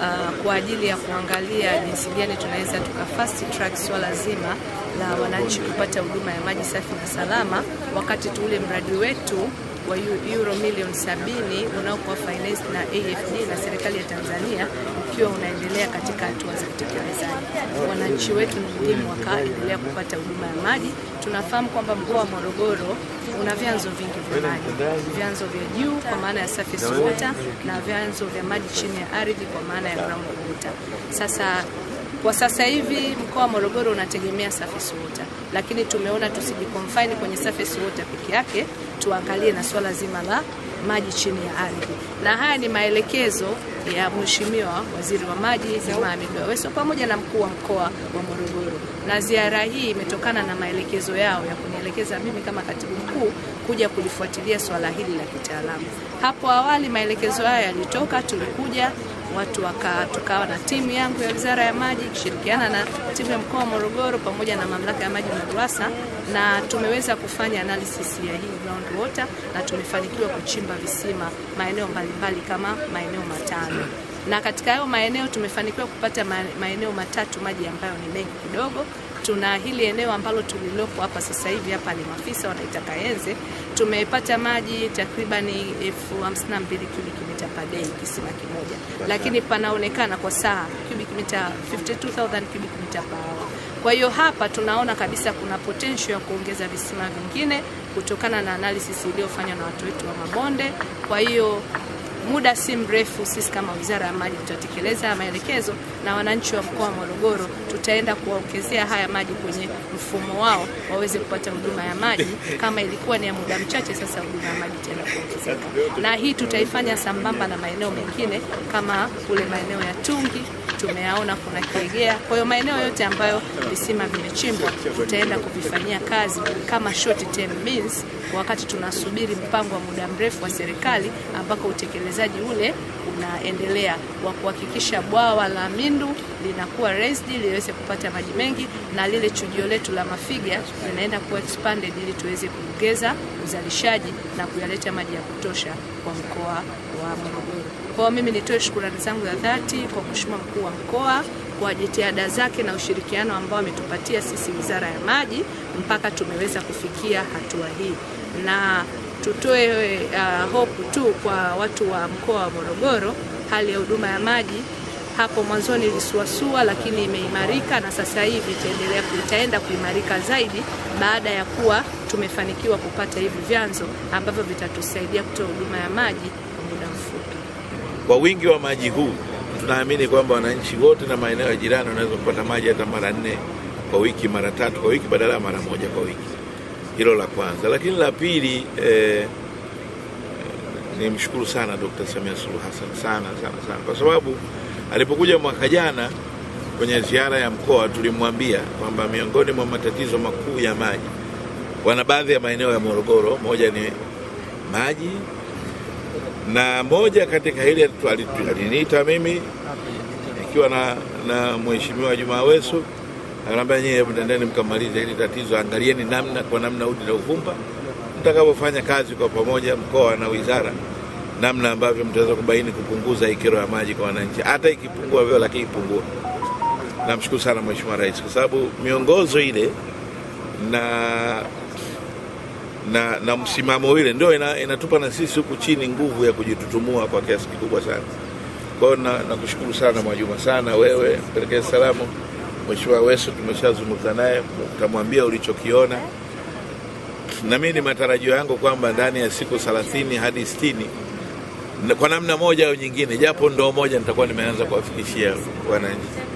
uh, kwa ajili ya kuangalia jinsi gani tunaweza tuka fast track swala zima la wananchi kupata huduma ya maji safi na salama, wakati tu ule mradi wetu wa euro milioni sabini unaokuwa finance na AFD na serikali ya Tanzania ukiwa unaendelea katika hatua za utekelezaji. Wananchi wetu ni muhimu wakaendelea kupata huduma ya maji. Tunafahamu kwamba mkoa wa Morogoro una vyanzo vingi vya maji, vyanzo vya juu kwa maana ya surface water na vyanzo vya maji chini ya ardhi kwa maana ya ground water. Sasa kwa sasa hivi mkoa wa Morogoro unategemea surface water, lakini tumeona tusijiconfine kwenye surface water peke yake tuangalie na swala zima la maji chini ya ardhi, na haya ni maelekezo ya Mheshimiwa Waziri wa Maji Samia Aweso pamoja na mkuu wa mkoa wa Morogoro, na ziara hii imetokana na maelekezo yao ya kunielekeza mimi kama katibu mkuu kuja kulifuatilia swala hili la kitaalamu. Hapo awali maelekezo haya yalitoka, tulikuja watu waka, tukawa na timu yangu ya Wizara ya Maji ikishirikiana na timu ya mkoa wa Morogoro pamoja na mamlaka ya maji MORUWASA, na tumeweza kufanya analysis ya hii ground water na tumefanikiwa kuchimba visima maeneo mbalimbali kama maeneo matano na katika hayo maeneo tumefanikiwa kupata maeneo matatu maji ambayo ni mengi kidogo tuna hili eneo ambalo tulilopo hapa sasa hivi, hapa ni Mafisa wanaita Kayenze. Tumepata maji takribani elfu hamsini na mbili cubic mita per day kisima kimoja, lakini panaonekana kwa saa cubic mita 52000 cubic mita per hour. Kwa hiyo hapa tunaona kabisa kuna potential ya kuongeza visima vingine kutokana na analysis iliyofanywa na watu wetu wa mabonde. Kwa hiyo muda si mrefu sisi kama Wizara ya Maji tutatekeleza maelekezo na wananchi wa mkoa wa Morogoro tutaenda kuwaongezea haya maji kwenye mfumo wao waweze kupata huduma ya maji kama ilikuwa ni ya muda mchache, sasa huduma ya maji tena kuongezeka, na hii tutaifanya sambamba na maeneo mengine kama kule maeneo ya Tungi tumeaona kuna Kiegea. Kwa hiyo maeneo yote ambayo visima vimechimbwa tutaenda kuvifanyia kazi kama short term means, wakati tunasubiri mpango wa muda mrefu wa serikali ambako utekelezaji ule unaendelea wa kuhakikisha bwawa la Mindu linakuwa raised liweze kupata maji mengi na lile chujio letu la Mafiga linaenda kuwa expanded ili tuweze kuongeza uzalishaji na kuyaleta maji ya kutosha kwa mkoa wa Morogoro. Kwa hiyo mimi nitoe shukrani zangu za dhati kwa Mheshimiwa Mkuu wa Mkoa kwa jitihada zake na ushirikiano ambao ametupatia sisi Wizara ya Maji mpaka tumeweza kufikia hatua hii, na tutoe uh, hope tu kwa watu wa mkoa wa Morogoro. Hali ya huduma ya maji hapo mwanzoni ilisuasua, lakini imeimarika na sasa hivi itaendelea itaenda kuimarika zaidi baada ya kuwa tumefanikiwa kupata hivi vyanzo ambavyo vitatusaidia kutoa huduma ya maji kwa wingi wa maji huu, tunaamini kwamba wananchi wote na maeneo ya jirani wanaweza kupata maji hata mara nne kwa wiki, mara tatu kwa wiki, badala ya mara moja kwa wiki. Hilo la kwanza, lakini la pili eh, nimshukuru sana Dkt. Samia suluh hasan sana sana sana, kwa sababu alipokuja mwaka jana kwenye ziara ya mkoa tulimwambia kwamba miongoni mwa matatizo makuu ya maji wana baadhi ya maeneo ya Morogoro, moja ni maji na moja katika hili aliniita mimi ikiwa na, na mheshimiwa Juma Aweso akaniambia, nyie mtendeni mkamalize hili tatizo, angalieni namna kwa namna udi na uvumba mtakavyofanya kazi kwa pamoja, mkoa na wizara, namna ambavyo mtaweza kubaini kupunguza hii kero ya maji kwa wananchi, hata ikipungua vyo, lakini ipungue. Namshukuru sana Mheshimiwa Rais kwa sababu miongozo ile na na, na msimamo ile ndio ina, inatupa na sisi huku chini nguvu ya kujitutumua kwa kiasi kikubwa sana. Kwa hiyo nakushukuru na sana Mwajuma sana wewe, mpelekee salamu Mheshimiwa wesu tumeshazungumza naye, utamwambia ulichokiona, na mimi ni matarajio yangu kwamba ndani ya siku 30 hadi 60 kwa namna moja au nyingine, japo ndoo moja, nitakuwa nimeanza kuwafikishia wananchi.